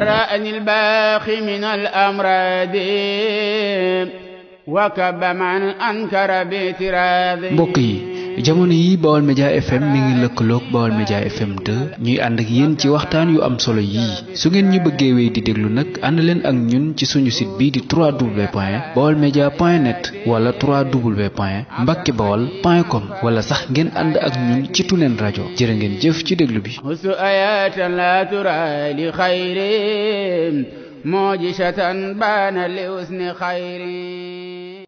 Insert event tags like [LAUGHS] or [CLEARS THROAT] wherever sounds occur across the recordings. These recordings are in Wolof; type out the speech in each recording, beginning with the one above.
برأني الباقي من الأمراض وكب من أنكر باعتراضه mbokk yi jamono yi Baol Média FM mi ngi lëkkaloog Baol Média FM 2 ñuy ànd ak ci waxtaan yu am solo yii su ngeen ñu bëggee wéy di déglu nag ànd leen ak ñun ci bi site bii di 3w point baolmedia point net wala 3w point mbacke baol point com wala sax ngeen ànd ak ñun ci tuleen rajo jërë ngeen jëf ci déglu bi usu ayatan la tura li xayri mujisatan baana li usni xayri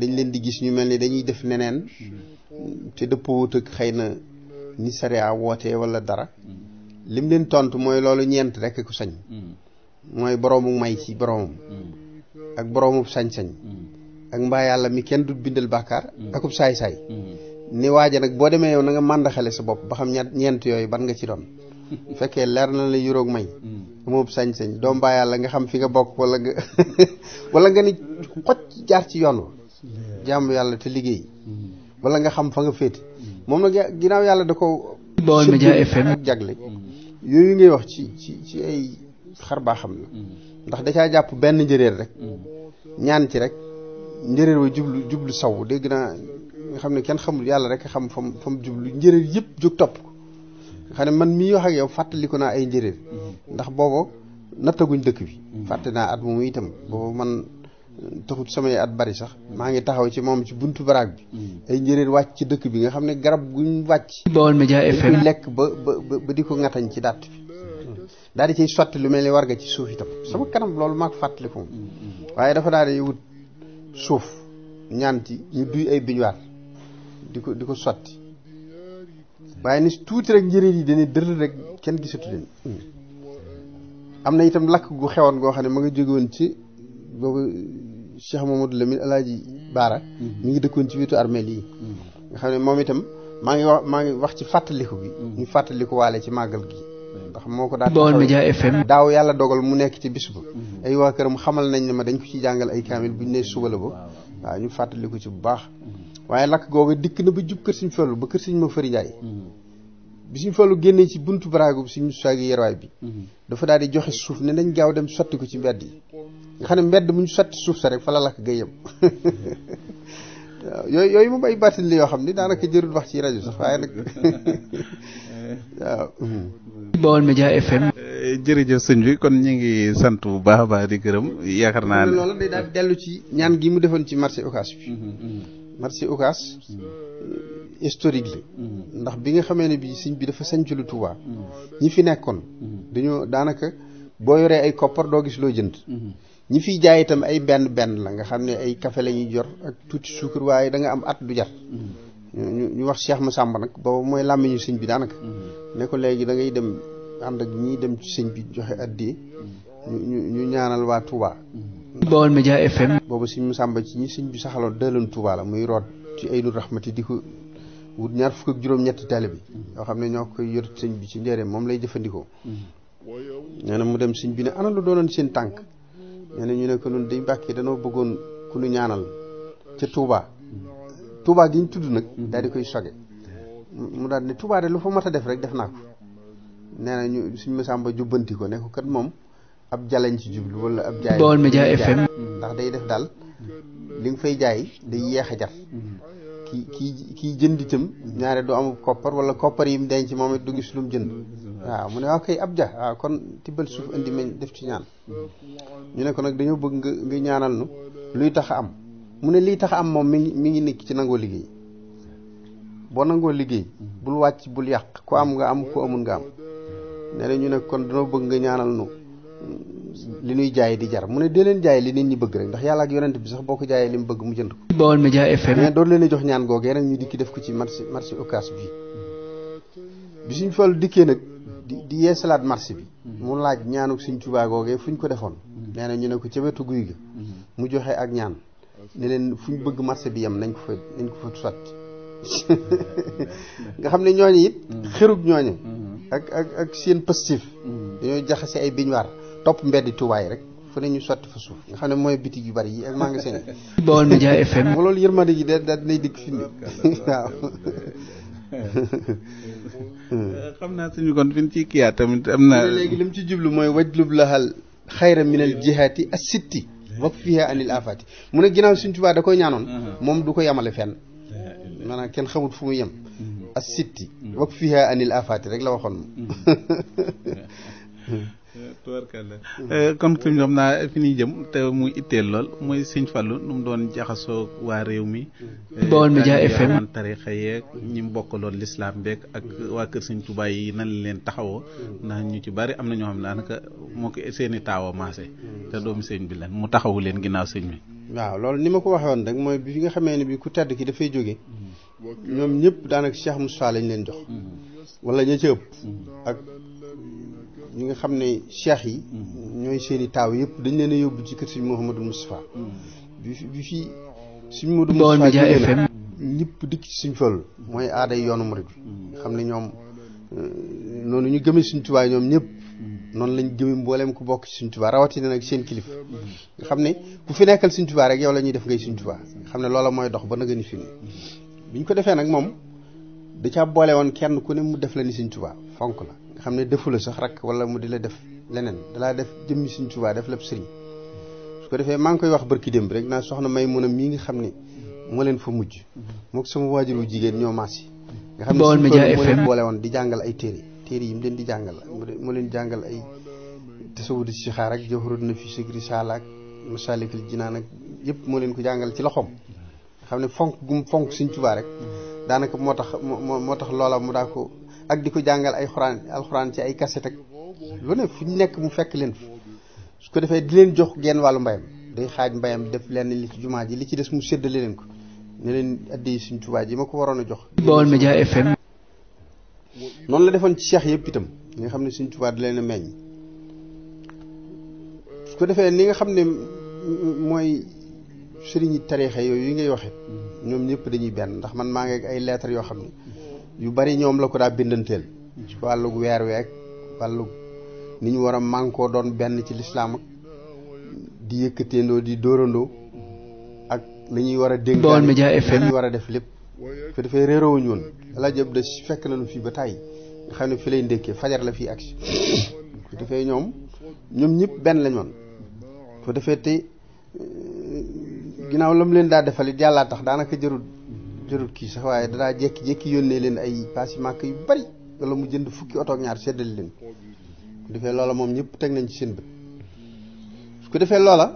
dañ leen di gis ñu mel ni dañuy def neneen te dëppoowut ak xëy na ni sariya wootee wala dara lim leen tontu mooy loolu ñeent rekk ku sañ mooy boroomu may ci boroomam ak boroomu sañ-sañ ak mbaa yàlla mi kenn du bindal bàkkaar akub saay-saay ni waaja nag boo demee yow na nga màndaxale sa bopp ba xam ña ñeent yooyu ban nga ci doon [LAUGHS] fekkee leer na la yuróog may mm. moom sañ-sañ doom baa yàlla nga xam fi nga bokk walla nga [LAUGHS] wala nga ni xoj ci yoon jaamu yàlla te liggéey mm. wala nga xam fa nga féete moom nag ginnaaw yàlla da ko Baol Média FM jagle mm. yooyu ngay wax ci ci ci ay xar baa xam na mm. ndax da jàpp benn njëréer rek ñaan ci rek njëréer wa jublu jublu saw dégg naa nga xam ne kenn xamul yàlla rek xam fam fa mu jublu njëréer yëpp jóg topp xam ne man mii wax ak yow fàttaliku naa ay njëréer ndax booba nattaguñ dëkk bi fàtte naa at mu itam booba man taxut samay at bari sax maa ngi taxaw ci moom ci buntu baraag bi mm. ay njëréen wàcc ci dëkk bi nga xam ne garab guñ wàcc Baol Média FM lekk ba ba ba di ko ngatañ ci dàtt bi mm. daal ciy sotti lu mel ni warga ci suuf itam mm. sama kanam loolu maa ko fàttaliku waaye dafa daal di wut suuf ñaan ci ñu duy ay biñuwaar di ko di ko sotti waaye ni tuuti rek njëréen yi dañuy dër rek kenn gisatu leen am na itam lakk gu xewoon goo xam ne ma nga jóge ci boobu Cheikh Mamadou Lamine Alaaji Baara mu ngi dëkkoon ci wetu armeel yi nga xam ne moom itam maa ngi wax maa ngi wax ci fàttaliku bi ñu fàttaliku waale ci màggal gi ndax moo ko daan Baol Média FM daaw yàlla dogal mu nekk ci bisu ba mhm. ay waa këram xamal nañ ne ma dañ ko ci jàngal ay kaamil bu ñu nee suba la ba waaw ñu fàttaliku ci bu baax mhm. waaye lakk googu dikk na ba jub kër Sëñ Fallu ba kër Sëñ ma fëri Njaay mhm. bi Sëñ Fallu génnee ci buntu baraagu Sëñ Musaa gi yerwaay bi dafa daal di joxe suuf ne nañ gaaw dem sotti ko ci mbedd yi nga xam ne mbedd mu ñu sotti suuf sa rek fa la lakk gëyam waaw [LAUGHS] yooyu yooyu moom ay bàttin li yoo xam ni daanaka jërul wax ci rajo sax waaye nag [LAUGHS] waaw. [LAUGHS] Baol Média FM. Eh, jërëjëf sëñ bi kon ñu ngi sant bu baax baax di gërëm yaakaar naa ne. loolu day dellu ci ñaan gi mu defoon ci marché ocas bi. Mm-hmm, mm-hmm. marché Ocass mm-hmm. historique la. ndax bi nga xamee ne bii sëñ bi dafa sañc lu Tuubaa. ñi fi nekkoon. dañoo daanaka boo yoree ay koppar doo gis loo jënd. ñi fiy jaay itam ay benn benn la nga xam ne ay kafe lañuy jor ak tuuti suukar waaye da am at du jar mm-hmm. ñu ñu wax Cheikh Massamba nag boobu mooy làmmiñu sëñ bi daanaka mm-hmm. ne ko léegi da ngay dem ànd ak dem ci sëñ bi joxe addiye ñu ñu ñaanal waa Touba mm-hmm. Baol Média FM boobu sëñ Massamba ci ñi sëñ bi saxaloon dëlën Touba la muy root ci Aynu Rahmati di ko wut ñaar fukk ak juróom bi yoo xam ne ñoo koy yor sëñ bi ci njëriñ moom lay jëfandikoo nee na mu bi ne ana la doonoon seen tànk nee na ñu ne ko ñun di Mbàkke danoo bëggoon ku ñu ñaanal ca tuubaa Touba gi ñu tudd nag daal di koy soge mu daal ne Touba de lu fa mat a def rek def naa ko nee na ñu suñ masàmba jubbanti ko ne ko kat moom ab jalañ ci jublu wala ab jaay Baol Média FM ndax day def daal li nga fay jaay day yeex a jar kii kii kii jënd itam ñaare du amul koppar wala koppar yi mu denc moom it du gis lu mu jënd waaw mu ne waaw kay ab ja kon tibbal suuf indi meñ def ci ñaan ñu ne ko nag dañoo bëgg nga ñaanal nu luy tax am mu ne lii tax am moom mi ngi mi ngi nekk ci nangoo liggéey boo nangoo liggéey bul wàcc bul yàq ku am nga am ku amul nga am nee na ñu ne kon dañoo bëgg nga ñaanal nu li ñuy jaay di jar mu ne dee leen jaay li nit ñi bëgg rek ndax yàlla ak yonent bi sax boo ko jaayee li mu bëgg mu jënd ko. Baol Média FM. mais doon leen jox ñaan googee nag ñu dikki def ko ci marché marché Ocass bi bi suñ fal nag di di yeesalaat marché bi. mu laaj ñaanu suñ Tuubaa googee fu ñu ko defoon. nee ñu ne ko ca wetu guy ga. mu joxe ak ñaan. ne leen fu ñu bëgg marché bi yem nañ ko fa nañ ko fa sotti [LAUGHS] nga xam ne ñooñu it. xërug ñooñu. ak seen positif. dañoo jaxase ay biñuwaar topp mbeddi Tuubaa rek. fu ne ñu sotti fa suuf nga xam ne mooy bitig yu bari yi ak maa ngi seen. Baolmedias [LAUGHS] FM. loolu yërmande ji da da dinay dikk fi [LAUGHS] waaw. xam naa suñu kon fi ñu ciy tamit am na. léegi li mu ci jublu mooy wajlub lahal xayra minal jihaati as sitti wak fiha anil afati mu ne ginnaaw suñ tubaa da koy ñaanoon uh-huh. moom du ko yamale fenn maanaam kenn xamut fu mu yem mm-hmm. as sitti mm-hmm. wak fiha anil afati rek la waxoon moom mm-hmm. [LAUGHS] tubarkalla kon suñ xam naa fi ñuy jëm te mu itteel lool mooy sëñ Fallou nu mu doon jaxasoo waa réew mi mm. Baol Média euh, FM tarixa yee ñi mu bokk bokkaloon lislaam beeg ak waa kër sëñ Touba yi nan leen taxawoo mm. ndax ñu ci bari am na ñoo xam ne daanaka moo ko seen taawa maase te doomu sëñ bi leen mu taxawu leen ginnaaw sëñ wi waaw loolu ni ma ko waxoon rek mooy bi nga xamee ne bi ku tedd ki dafay jóge mm. ñoom ñëpp daanaka Cheikh Moussa lañ leen jox walla ña ëpp ak ñu nga xam ne cheikh yi. Mhm. ñooy seeni taaw yëpp dañ leen a yóbbu ci kër sëñ Mouhamadou Moustapha. Mhm. bi fi bi fi sëñ Mouhamadou Moustapha jógee na ñëpp dikk ci sëñ Fallu mooy aaday yoonu murid bi. Mhm. xam ne ñoom euh, noonu ñu gëmee sëñ Tuubaa ñëpp. noonu lañ gëmee mbooleem ku bokk ci sëñ Tuubaa rawatina nag seen kilifa. nga xam ne ku fi nekkal sëñ Tuubaa rek yow la ñuy def ngay sëñ Tuubaa xam ne loola mooy dox ba nag ni fi ñu ko defee nag moom da caa boole woon kenn ku ne mu def la ni sëñ fonk la. nga xam ne defu la sax rakk wala mu di la def leneen dalaa def jëmmi suñ tubaa def la sëriñ su ko defee maa ngi koy wax barki démb rek naa soxna may mun a mii nga xam ne moo leen fa mujj mook sama waajur wu jigéen ñoo maas yi nga xam ne moo leen boole woon di jàngal ay téere téere yi leen di jàngal moo leen jàngal ay tasawudu sixaar ak jawharun nafis ak risaala ak masaalikul jinaan ak yëpp moo leen ko jàngal ci loxoom nga xam ne fonk gum fonk suñ tubaa rek daanaka moo tax moo tax loola mu daa ko ak di ko jàngal ay xoraan alxuraan ci ay kaset ak lu ne fu ñu nekk mu fekk leen fa su ko defee di leen jox genn wàllu mbayam day xaaj mbayam def lenn li ci jumaa ji li ci des mu séddale leen ko ne leen addi suñ Tuubaa ji ma ko waroon a jox. Baol Média FM. noonu la defoon ci cheikh yëpp itam nga xam ne suñ Tuubaa di leen a meññ su ko defee ni nga xam ne mooy sëriñi tariixa yooyu yi ngay waxe ñoom ñëpp dañuy benn ndax man maa ngi ay leetar yoo xam ne. yu bari ñoom la ko daa bindanteel ci wàllug weer week wàllug ni ñu war a mànkoo doon benn ci lislaam ak di yëkkateendoo di dóorandoo ak li ñuy war a dénk Baol Média war a def lépp fi dafay réerowuñu ala jëb de fekk nañu fii ba tàyyi nga xam ne fi lay ndékkee fajar la fii ak si fi dafay ñoom ñoom ñëpp benn lañ woon fi dafay te eh, ginnaaw la mu leen daa defal it yàllaa tax daanaka jërul jërul kii sax waaye danaa jékki-jékki yónnee leen ay paas yu màkk yu bari wala mu jënd fukki oto ñaar seddali leen bu defee loola moom ñëpp teg nañ ci seen bët ku defee loola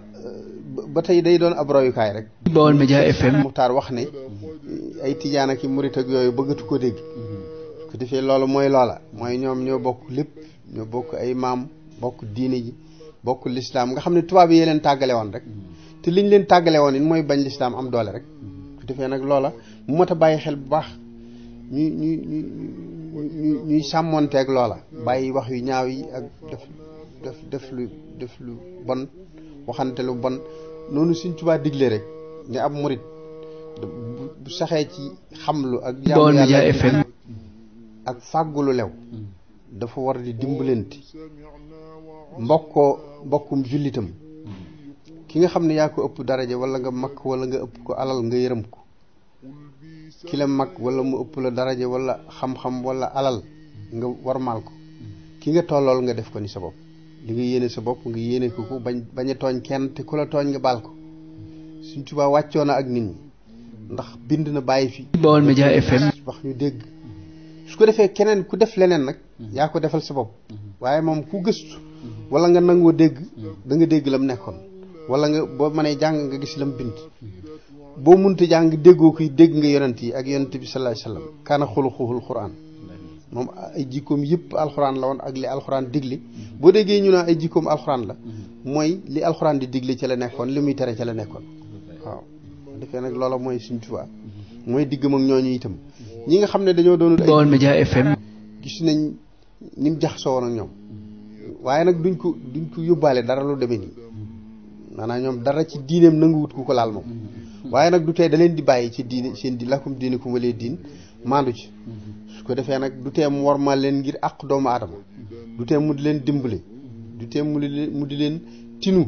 ba tey day doon ab royukaay rek. Baol Média FM. Muxtaar wax ne ay tijaan ak i murit ak yooyu bëggatu ko dégg. su defee loola mooy loola mooy ñoom ñoo bokk lépp ñoo bokk ay maam bokk diine ji bokk lislaam nga xam ne tubaab yi leen tàggale woon rek. te liñ leen tàggale woon it mooy bañ lislaam am doole rek. su nag loola mu mat a bàyyi xel bu baax ñuy ñuy ñuy ñuy loola bàyyi wax yu ñaaw yi ak def def def lu def lu bon waxante lu bon noonu suñ Tuubaa digle rek ne ab murit bu saxee ci xamlu ak jaamu yàlla ak fàggulu lew dafa war di dimbalante mbokkoo mbokkum jullitam ki nga xam ne yaa ko ëpp daraja wala nga makk wala nga ëpp ko alal nga yërëm ko ki la mag wala mu ëpp la daraja wala xam-xam wala alal nga war warmaal ko ki nga tollool nga def ko ni sa bopp li nga yéene sa bopp nga yéene ku ko bañ bañ a tooñ kenn te ku la tooñ nga baal ko suñ tubaa wàccoon na ak nit ñi ndax bind na bàyyi fi Baol Média FM wax ñu dégg su ko defee keneen ku def leneen nag mm-hmm. yaa ko defal sa bopp mm-hmm. waaye moom ku gëstu wala nga nangoo dégg mm-hmm. da nga dégg lam nekkoon wala nga boo mënee jàng nga gis lam bind boo munta jàng déggoo koy dégg nga yonent yi ak yonent bi sallallahu alayhi wasallam kaana xuluquhul moom ay yëpp alxuraan la woon ak li alxuraan digle boo déggee ñu naan ay jikkoom alxuraan la mooy li alxuraan di digle ci la nekkoon li muy tere ci la nekkoon waaw defee nag loola mooy suñ Tuubaa mooy diggam ak ñooñu itam ñi nga xam ne dañoo doonul ay Baolmedias FM gis nañ ni mu jaxasoo woon ak ñoom waaye nag duñ ko duñ ko yóbbaale dara lu demee nii maanaam ñoom dara ci diineem nanguwut ku ko laal moom mm-hmm. waaye nag du tee da leen di bàyyi ci diine seen di lakum diine ku ma lee diin maandu ci mm-hmm. su ko defee nag du tee mu war ma leen ngir àq doomu aadama mm-hmm. du tee mu di leen dimbale du tee mu di leen mu di leen tinu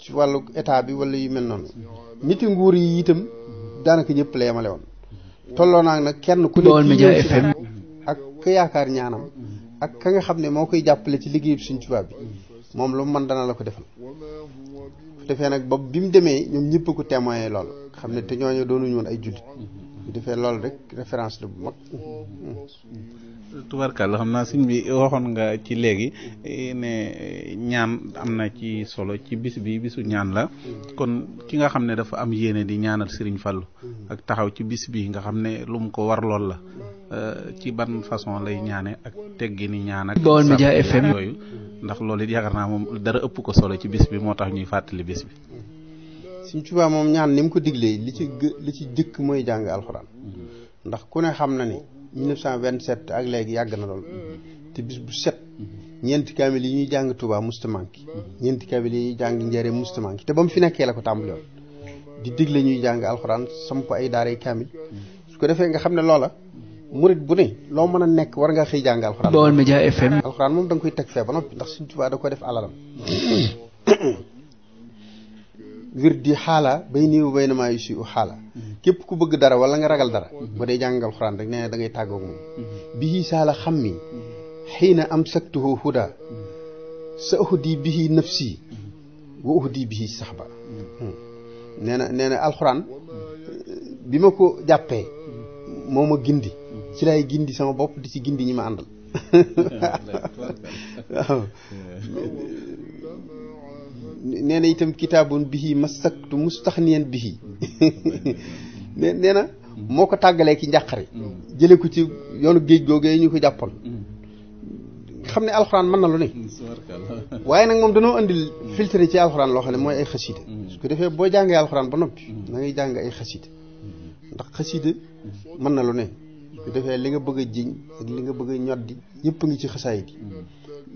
ci wàllu état bi wala yu mel noonu niti nguur yi itam daanaka ñëpp la woon tolloo naa nag kenn ku ne FM ak ka yaakaar ñaanam ak ka nga xam ne moo koy jàppale ci liggéeyu Sëñ Tuubaa bi moom lu mu mën dana la ko defal defee nag ba bi mu demee ñoom ñëpp ko témoigné lool xam ne te ñooñu doonuñu woon ay jullit bu defee loolu rek référence la bu mag. tubarkàlla xam naa suñ bi waxoon nga ci léegi eh, ne eh, ñaan am na ci solo ci bis bi bisu ñaan la kon ki nga xam ne dafa am yéene di ñaanal Serigne Fallou ak taxaw ci bis bi nga xam ne lu mu ko war lool la eh, ci ban façon lay ñaane ak teggi ni ñaan ak Baol Média FM yooyu ndax loolu it yaakaar naa moom dara ëpp ko solo ci bis bi moo tax ñuy fàttali bis bi Sëñ Tuubaa moom ñaan ni mu ko diglee li ci li ci jëkk mooy jàng alxuraan mm-hmm. ndax ku ne xam na ni 1927 ak léegi yàgg na lool mm-hmm. te bis bu set mm-hmm. ñeenti kaamil yi ñuy jàng Tuubaa musta manki ñeenti kaamil yi ñuy jàng Njaaréem musta manki te ba mu fi nekkee la ko tàmbali woon di digle ñuy jàng alxuraan samp ay daaray kaamil su ko defee nga xam ne loola murit bu ne loo mën a nekk war nga xëy jàng alxuraan Baol Média FM alxuraan moom da nga koy teg fee ba noppi ndax Sëñ Tuubaa da ko def alalam [COUGHS] [COUGHS] [COUGHS] wirdi xaala bay niwu bay na maa yu si u xaala mhm. képp ku bëgg dara wala nga ragal dara mhm. ba dee jàngal xuraan rek nee na da ngay tàggoog moom mhm. bihi saala xam mi xiina am saktuhu huda sa uhdi bihi nafsi wa uhdi bihi saxba hmm. nee na nee na alxuraan bi ma ko jàppee moo ma gindi ci lay gindi sama bopp di ci gindi ñi ma àndal [LAUGHS] ah, [LAUGHS] waaw [LAUGHS] nee na itam kitaabun bihi masaktu mustaxniyan bihi nee na moo ko tàggalee ci njàqare jële ko ci yoonu géej googee ñu ko jàppoon xam ne alxuraan mën na lu ne waaye nag moom danoo andil filtre ci alxuraan loo xam ne mooy ay xasida su ko defee boo jàngee alxuraan ba noppi da ngay jàng ay xasida ndax xasida mën na lu ne su ko defee li nga bëgg a jiñ ak li nga bëgg a ñoddi yëpp ngi ci xasaayid yi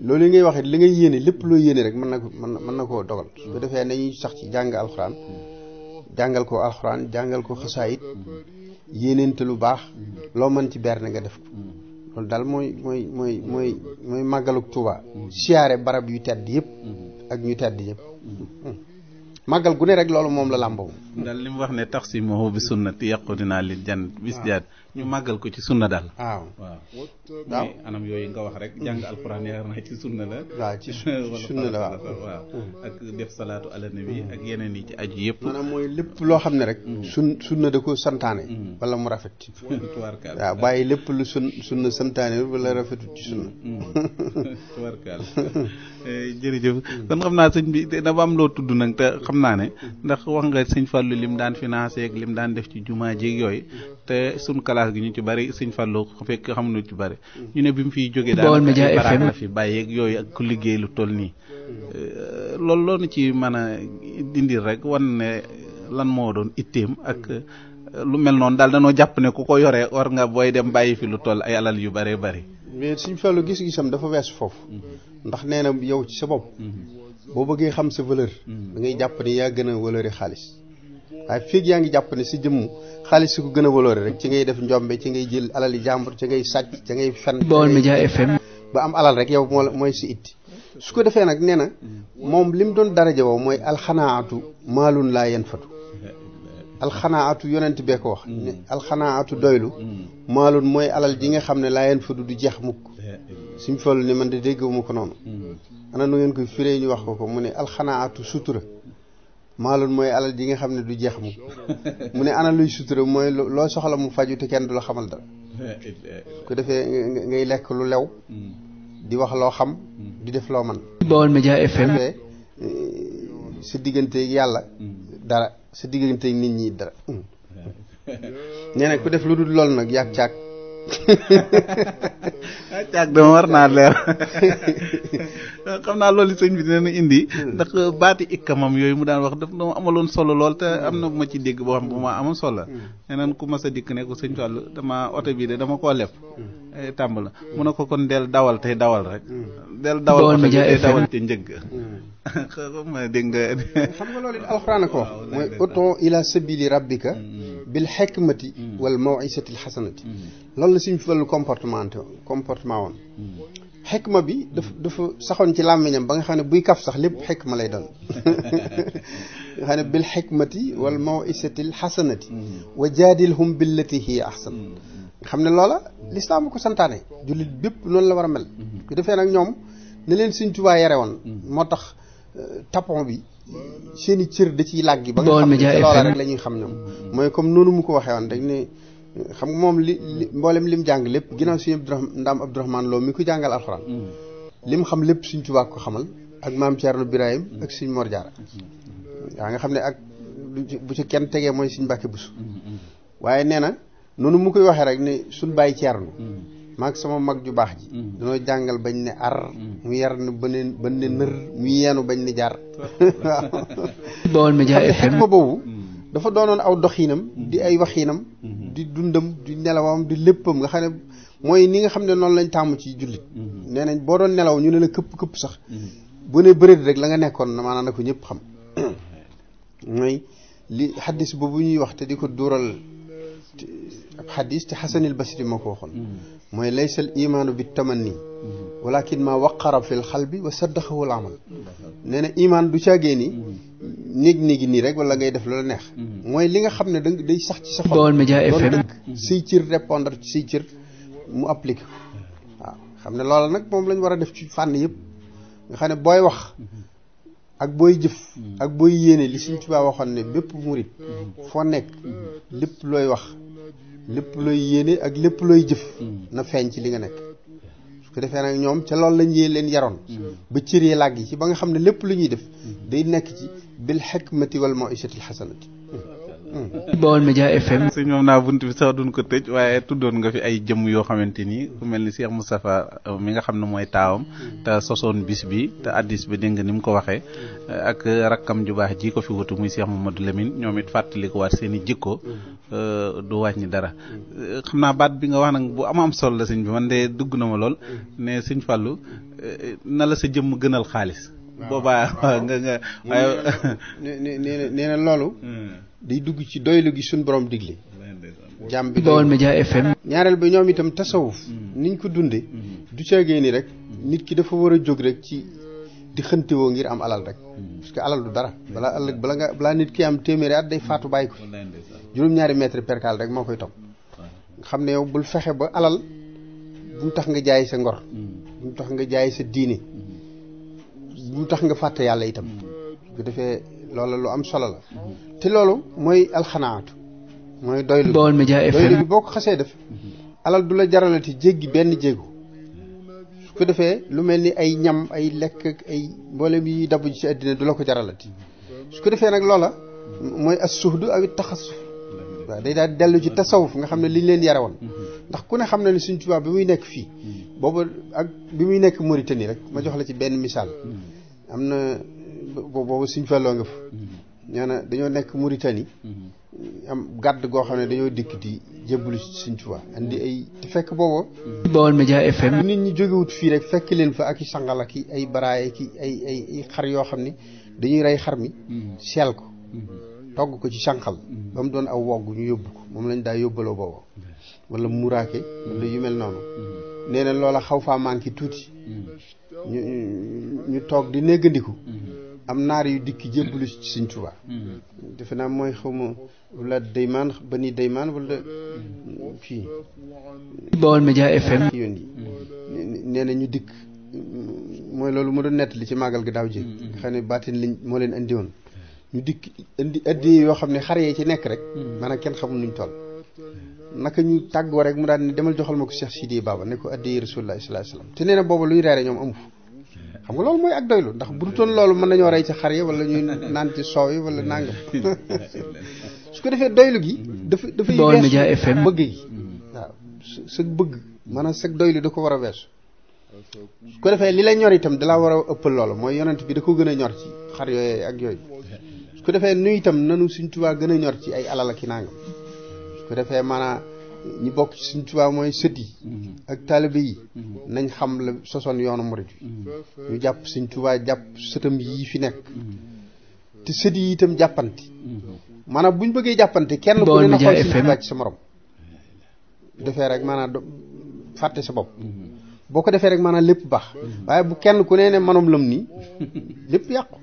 loolu yi ngay wax li ngay yéene lépp loo yéene rek mën na ko mën na koo dogal su defee nañuy sax ci jàng alxuraan jàngal ko alxuraan jàngal ko xasaayit yéeneente lu baax loo mën ci berne nga def ko loolu dal mooy mooy mooy mooy mooy màggaluk Tuuba siyaare barab yu tedd yëpp ak ñu tedd yëpp màggal gu ne rek loolu moom la làmboo. daal li mu wax ne tax si moo bi sunnati yàqu dinaa li jan bis jaat ñu màggal ko ci sunna daal. waaw waaw. Uh, anam yooyu nga wax rek jàng alxuraan yaakaar naa ci sunna la. [LAUGHS] waaw ci sunna la waaw. Mm. ak def salaatu ala nabi mm. ak yeneen yi ci aju yëpp. maanaam mooy lépp loo xam ne rek. Mm. sun sunna da ko santaane. wala mu rafet. [LAUGHS] tubaarkaal bàyyi lépp lu sun sunna santaane wala rafetut ci sunna. [LAUGHS] tubaarkaal eh, jërëjëf. kon xam naa sëñ bi dafa am loo tudd nag te xam naa ne ndax wax nga sëñ Fallou lim daan financé ak lim daan def ci jumaa jéeg yooyu te sun kala place gi ñu ci mm. bi mu ku liggéey lu toll nii mm. euh, loolu loonu ci mën a dindil rek wan ne lan moo doon itteem ak mm. euh, lu mel noonu daal danoo jàpp ne ku ko yoree war nga booy dem bàyyi fi lu toll ay alal yu bëree bëri mais sëñ Fallou gis-gisam dafa weesu foofu mm-hmm. ndax nee na yow ci sa bopp mm-hmm. boo bëggee xam sa valeur mm-hmm. da jàpp ne yaa gën a valeur yi xaalis waaye feeg yaa ngi jàpp ne si jëmm xaalis su ko gën a waloore rek ci ngay def njombe ci ngay jël yi jàmbur ci ngay sàcc ci ngay fen Baol Média FM ba am alal rek yow moo mooy si it su ko defee nag nee na moom li mu doon daraja woo mooy alxanaatu maalun laa yen fatu alxanaatu yonent bee ko wax mm. ne alxanaatu doylu mm. maaloon mooy alal ji nga xam ne laa yen fatu du jeex mukk eh, eh. suñ fallu ni man de dégguma ko noonu mm. ana nu ngeen koy firee ñu wax ko ko mu ne alxanaatu sutura maaloon mooy alal ji nga xam ne du jeex mu mu ne ana luy sutura mooy loo soxla mu faju te kenn du la xamal dara [LAUGHS] ku defee ngay lekk lu lew mm. di wax loo xam mm. di def loo man Baol Média FM eh, sa digganteeg yàlla mm. dara sa digganteeg nit ñi dara [LAUGHS] nee ku def lu dul lool nag yàgg caag [LAUGHS] caag dama war naa leer [LAUGHS] xam naa loolu sëñ bi dinañ indi. Hmm. ndax baati ikkamam yooyu mu daan wax daf noo amaloon solo lool te am na bu hmm. ma ci dégg boo xam bu ma solo. Hmm. nee ku mas dikk ne ko dama oto bii de dama koo leb. Eh, tàmbal la mu ne ko kon del dawal tey dawal rek. del dawal oto xam nga [LAUGHS] dégg nga. xam nga loolu it alxuraan ko mooy oto ila sabili rabbika bil xikmati wal mawisati l xasanati loolu la suñ fallu comportement comportement woon ma bi dafa dafa saxoon ci làmmiñam ba nga xam ne buy kaf sax lépp xekk ma lay doon [LAUGHS] nga xam ne bil xikmati wal mawisatil xasanati mm. wa jaadilhum billati hiya ahsan mm. xam ne loola lislaam ko santaane jullit bépp noonu la war a mel bu mm. defee nag ñoom ne leen suñ tubaa yare woon moo tax euh, tapon bi seeni cër da ciy làggi ba nga xam ne loola rek la ñuy xam ñoom mooy comme noonu mu ko waxee woon rek ne xam nga moom li li mboolem lim jàng lépp ginnaaw suñu ndaam Abdourahmane Lo mi ko jàngal alxuraan. Mm-hmm. lim xam lépp suñ Tuubaa ko xamal ak maam Thierno Birahim mm-hmm. ak suñ Mor Diarra. Mm-hmm. yaa nga xam ne ak bu ci kenn tegee mooy suñ Mbàkke Busu. waaye nee na noonu mu koy waxee rek ne suñ bàyyi Thierno. maag sama mag ju baax ji. dañoo jàngal bañ ne ar. mu yar ne ba ne ba nër mu yeenu bañ ne jaar. waaw. [LAUGHS] [LAUGHS] Baolmedias FM boobu. dafa doonoon aw doxinam di ay waxinam di dundam di nelawam di léppam nga xam ne mooy ni nga xam ne noonu lañ tàmm ci jullit mhm. nee nañ boo doon nelaw ñu ne la këpp-këpp sax mhm. bu ne bëreet rek la nga nekkoon maanaam na ko ñëpp xam [COUGHS] mooy li xaddis boobu ñuy wax te di ko duural ab xaddis te xasanil basri moo ko waxoon mhm. mooy laysal imaanu bi tamanni walakin ma waqara fil xalbi wa saddaqahu al amal nee na imaan du caagee ni néeg néegi nii rek walla ngay def loola neex mooy li nga xam ne da day sax ci sa xol Baol Média FM say cër répondre ci say mu applique waaw xam ne loola nag moom lañ war a def ci fànn yëpp nga xam ne booy wax ak booy jëf ak booy yéene li Sëñ a waxoon ne bépp murit foo nekk lépp looy wax lépp looy yéene ak lépp looy jëf na feeñ ci li nga nekk su ko defee nag ñoom ca loolu lañ leen yaroon mm-hmm. ba cëree làgg yi ci ba nga xam ne lépp lu ñuy def mm-hmm. day nekk ci bil hikmati wal mauisatil hasanati Baol Média FM. sëñ moom naa bunt bi sax duñ ko tëj waaye tuddoon nga fi ay jëmm yoo xamante ni ku mel ni Cheikh Moustapha euh, mi nga xam ne mooy taawam te sosoon bis bi te addis bi dégg nga ni mu ko waxee euh, ak rakkam ju baax ji ko fi wutu muy ma du lemin ñoom it fàttalikuwaat seeni i jikko euh, du wàññi dara xam naa baat bi nga wax nag bu am am solo la sëñ bi man de dugg na ma lool ne sëñ Fallou na la sa jëmm gënal xaalis. boobaa [LAUGHS] nga nga [LAUGHS] nee na loolu hmm. day dugg ci doylu gi suñ borom digle jàmm bi Baol Média FM ñaareel ba ñoom itam tasawuf hmm. niñ ko dunde hmm. du caagee nii rek nit ki dafa war a jóg rek ci di xëntewoo ngir am alal rek parce que alal du dara balaa ëllëg bala nga balaa nit ki am téeméeri at day faatu bàyyi ko fi juróom-ñaari mètre percal rek moo koy topp xam ne yow bul fexe ba alal bu mu tax nga jaay sa ngor bu mu tax nga jaay sa diine bu tax nga fàtte yàlla itam bu defee loola lu am solo la te loolu mooy alxanaatu mooy doylu doylu bi boo ko xasee def alal du la jaralati jéggi benn jéego su ko defee lu mel ni ay ñam ay lekk ay mboolem yi dabu ci àddina du la ko jaralati su ko defee nag loola mooy as suhdu awit taxasuf waaw day daal dellu ci tasawuf nga xam ne liñ leen yare woon ndax ku ne xam na ne Sëriñ Tuubaa bi muy nekk fii booba ak bi muy nekk Mauritanie rek ma jox la ci benn misaal am na boobu suñ felloo nga fa mm-hmm. nee na dañoo nekk Mauritanie mm-hmm. am gàdd goo xam ne dañoo dikk di jébbalu suñ Tuubaa andi ay te fekk boobu mm-hmm. Baol Média FM nit ñi jógewut fii rek fekk leen fa ak i sangal ak ay baraay ki ay ay xar yoo xam ne dañuy rey xar mi seel ko togg ko ci sànqal ba mu doon aw wogg ñu yóbbu ko moom lañ daa yóbbaloo boobu wala muraake wala yu mel noonu nee na loola xaw faa manqué tuuti ñu ñu toog di néggandiku mm-hmm. am naar yu dikk jébbalu ci Sëñ Tuubaa mm-hmm. defe naa mooy xaw ma wala daymaan ba ni daymaan wala fii Baol Média FM yoon yi nee na ñu dikk mooy loolu mu doon nettali ci màggal gi daaw jéeg xam ne baatin lañ moo leen andi woon ñu dikk indi addi yoo xam ne xar yi ci nekk rek mm-hmm. maanaam kenn xamul nuñ toll naka ñu tàggoo rek mu daan ne demal joxal ma ko Cheikh Sidi Baba ne ko addi rasulullah sallallahu alayhi wasallam te nee na xam nga loolu mooy ak doylu ndax bu dutoon loolu mën nañoo rey ci xar yi wala ñuy naan ci soow yi wala nangam [LAUGHS] su ko defee doylu gi. dafa dafay weesu bëgg gi waaw sa bëgg maanaam sa doylu da ko war a weesu. ko defee li la ñor itam dalaa war a ëppal loolu mooy yonent bi da gën a ñor xar yooyu ak yooyu su defee nuyu itam nanu suñ tubaa gën a ñor ci ay alal ak bu defee maanaam ñu bokk ci suñ Tuubaa mooy sët yi mm-hmm. ak taalibe yi mm-hmm. nañ xam la sosoon yoonu murit bi mm-hmm. ñu jàpp suñ Tuubaa jàpp sëtam yii fi nekk te sët yi itam jàppante maanaam bu ñu bëggee jàppante kenn ku ne na xool suñ Tuubaa ci sa morom defee rek maanaam fàtte sa bopp boo ko defee rek maanaam lépp baax waaye bu kenn ku ne ne manoom lam nii [LAUGHS] lépp yàqu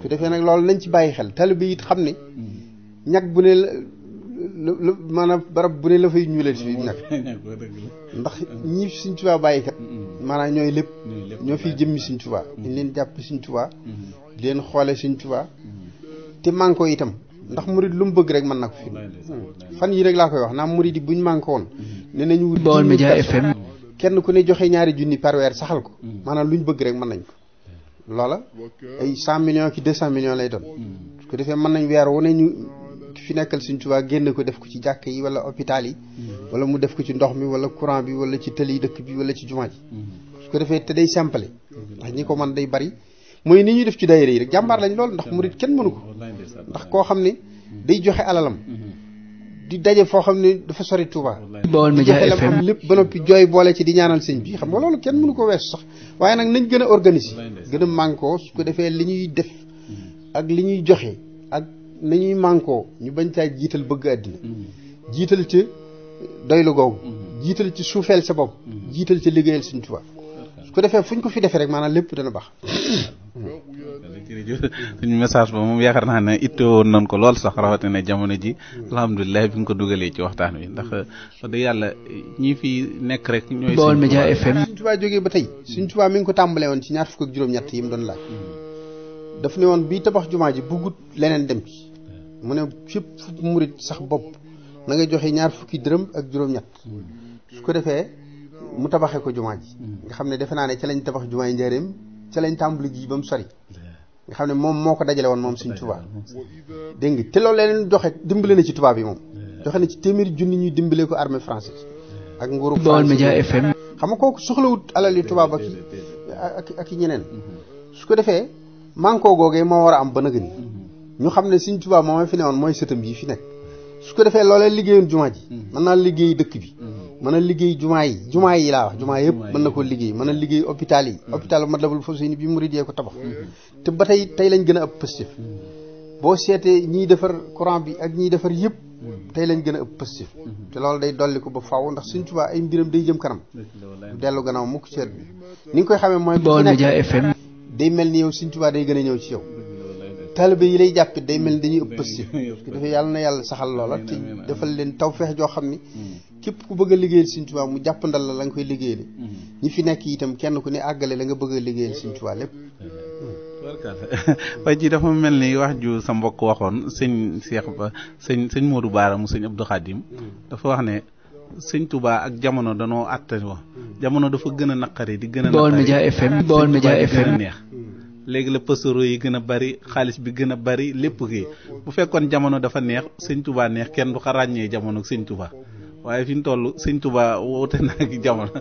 su defee nag loolu nañ ci bàyyi xel taalibe yi xam ne ñag bu ne lu maanaam barab bu ne la fay ñuulal si nag ndax mm-hmm. ñi Sëriñ Tuubaa bàyyi kat mm-hmm. mm-hmm. maanaa ñooy lépp ñoo fi jëmmi Sëriñ Tuubaa dañ leen jàpp Sëriñ Tuubaa di leen xoole Sëriñ Tuubaa te manko itam ndax murid lu mu bëgg rek man na ko fi fan yi rek laa koy wax naa murid yi buñ manko woon ne nañu wut Baol Média FM kenn ku ne joxe ñaari junni par weer saxal ko maanaam luñ bëgg rek mën nañ ko loola ay cent millions ki deux cent millions lay doon su defee mën nañ weer wu fi nekkal Sëñ Tuubaa génn ko def ko ci jàkk yi wala hôpital yi mm-hmm. wala mu def ko ci ndox mi wala courant bi wala ci tëli dëkk bi wala ci jumaa ji mm-hmm. su ko defee te day simple mm-hmm. ndax ñi ko mën day bari mooy ni ñuy def ci daayira yi rek jàmbaar lañ lool ndax murit kenn mënu ko ndax koo xam ne day joxe alalam di daje foo xam ne dafa sori Touba di joxe lam am lépp ba noppi jooy boole ci di ñaanal sëñ bi xam nga loolu kenn mënu ko wees sax waaye nag nañ gën a organiser gën a mànkoo su ko defee li ñuy def li ñuy joxe nañuy mànkoo ñu bañ caa jiital bëgg àddina jiital ci doylu googu jiital ci suufeel sa bopp jiital ci liggéeyal suñ Tuubaa su ko defee fu ñu ko fi defee rek maanaam lépp dana baax jërëjëf suñu message ba moom yaakaar naa ne it woon nañ ko lool sax rawatina jamono ji alhamdulilah bi nga ko dugalee ci waxtaan wi ndax wax dëgg yàlla ñii fi nekk rek ñooy Baol Média FM suñ tubaa jóge ba tey suñ tubaa mi ngi ko tàmbalee woon ci ñaar fukk ak juróom-ñett yi mu doon laaj hmm. daf ne woon bii tabax jumaa ji buggut leneen dem mu ne fépp fu murit sax bopp na ngay joxe ñaar fukki dërëm ak juróom-ñett su ko defee mu tabaxee ko jumaa nga xam ne defe naa ne ca lañ tabax jumaa yi njaareem ca tàmbali ji ba mu sori nga xam ne moom moo ko dajale woon moom suñ tubaab dégg nga te loolu leen joxe dimbale na ci tubaab yi moom joxe na ci téeméeri junni ñuy dimbale ko armée française ak nguuru Baol Média FM xam nga kooku soxlawut alal yi tubaab ak ak ñeneen su ko defee manko googee moo war a am ba nëgëni ñu xam ne Sëriñ Tuubaa moom fi newoon mooy sëtam yi fi nekk su ko defee loolee liggéeyoon jumaa ji mm-hmm. mën naa liggéey dëkk bi mm-hmm. mën a liggéey jumaa yi jumaa yi laa jumaa yëpp mën na ko liggéey mën na liggéey hôpital yi mm-hmm. hôpital bu Matlaboul Fawzayni bi murid yee ko tabax te ba tey tey lañ gën a ëpp positif boo seetee ñiy defar courant bi ak ñiy defar yëpp tey lañ gën a ëpp positif te loolu day dolli ko ba faw ndax Sëriñ tubaa ay mbiram day jëm kanam dellu gannaaw mukk ceer bi koy xamee mooy Baolmedias FM day mel ni yow Sëriñ Tuubaa day gën a ñëw ci yow taalibe yi lay jàppit day mel ni dañuy ëpp pës dafa yàlla na yàlla saxal loola te defal leen tawfeex joo xam ne hmm. képp ku bëgg a liggéeyal Sëriñ Tuubaa mu jàppandal la la nga koy liggéeyale hmm. ñi fi nekk itam kenn ku ne àggale la bëgg a liggéeyal Sëriñ [LAUGHS] dafa mel ni wax ju sa mbokk waxoon sëñ Cheikh ba sëñ sëñ Modou Baara mu sëñ Abdou hmm. dafa wax ne sëñ tubaa ak jamono danoo àtte wa jamono dafa gën a naqari di gën a naqari Baol Média FM Baol Média FM léegi la pësoro yi gën a bari xaalis bi gën a bari lépp gi bu fekkoon jamono dafa neex sëñ tubaa neex kenn du xa ràññee jamono sëñ tubaa waaye fi ñu toll sëñ tubaa woote naa ak jamono.